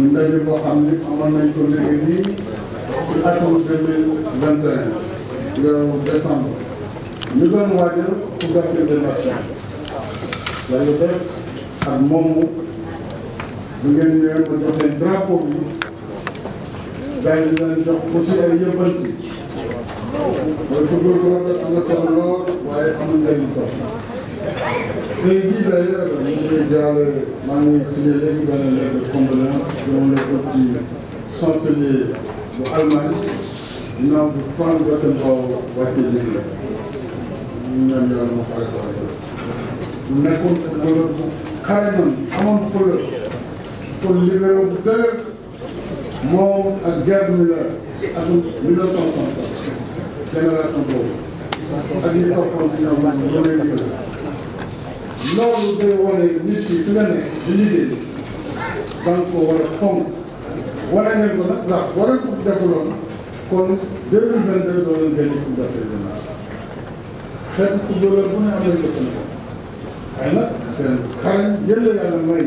muy ndaje boo xam ne amoon nañ ko léegi nii ci atum deux mille vingt et un weeru décembre ñu doon waajal couverture des vaccins yàlla def ak moomu bu ngeen ñëwee ba jox leen bi gars yi leen jox aussi ay yëppanti mooy football boobu am na solo lool waaye amul njëriñ trop tey jii d'ailleurs ñu ngi koy jaale maa ngi signé léegi benn lettre de condoléance dama la ko ci chancelier bu Allemagne ginnaaw bu Franz Beckenbauer wàccee léegi ñu ñaan yàlla ma fare ko ak mu nekkoon footballeur bu xarañoon amoon fële kon libéro bu dëgër moom ak Gerd Müller ak mille neuf cent soixante génération boobu ak ñi toppoon ci ñoom ñu loolu day wane nit ki fi nga ne di liggéey ko war a fonk wane ngeen ko nag ndax war a kon 2022 doo leen gagné coupe d'Afrique de Nations xeet footballeur bu ne am nañ ko Sénégal waaye nag seen xarañ yéen la yàlla may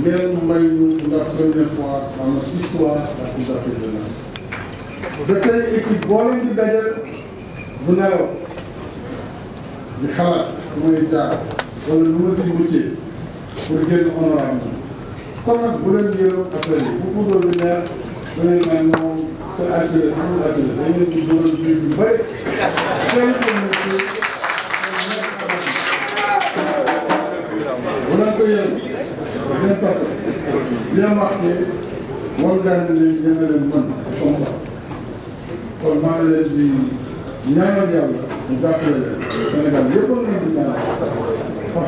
ngeen may ñu la première fois dans notre histoire la coupe d'Afrique de Nations ba tey équipe boo leen di dajal bu nelaw di xalaat mooy jaar wala lu ma si muccee pour génn honorable kon nag bu leen yërëm affaire yi bu puudar bi neex da ngay naan moom sa attiré amul attiré da ngeen di dugal biir bi bëri kenn bu leen ko yërëm n'est-ce pas li am wax ne war daan leen yéene leen mën comme ça kon maa ngi leen di ñaanal yàlla ñu jàppale leen Sénégal yëpp a ngi gis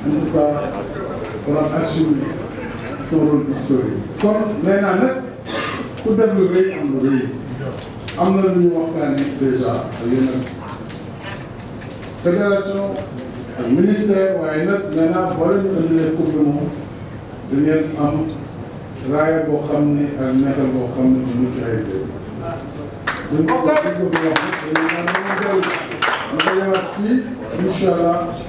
en tout cas dama assumer son rôle historique ku def lu am lu rëy am na lu ñu waxtaane déjà ak yeneen fédération ak ministère waaye nag maintenant boo leen ñu indilee coupe am raaya boo xam ne ak neexal boo xam ne du mucc ayib lañ ko dañ ko fi wax dañu naan dañu dellu ma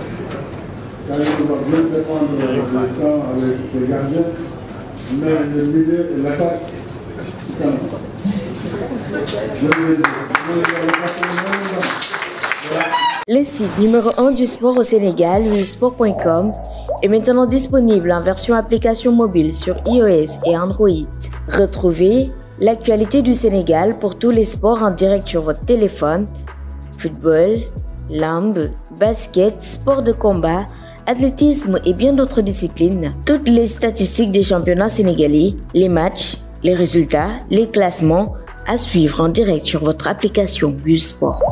le site numéro 1 du sport au Sénégal, sport.com, est maintenant disponible en version application mobile sur iOS et Android. Retrouvez l'actualité du Sénégal pour tous les sports en direct sur votre téléphone, football, lambe, basket, sport de combat, athlétisme et bien d'autres disciplines, toutes les statistiques des championnats sénégalais, les matchs, les résultats, les classements à suivre en direct sur votre application Sport.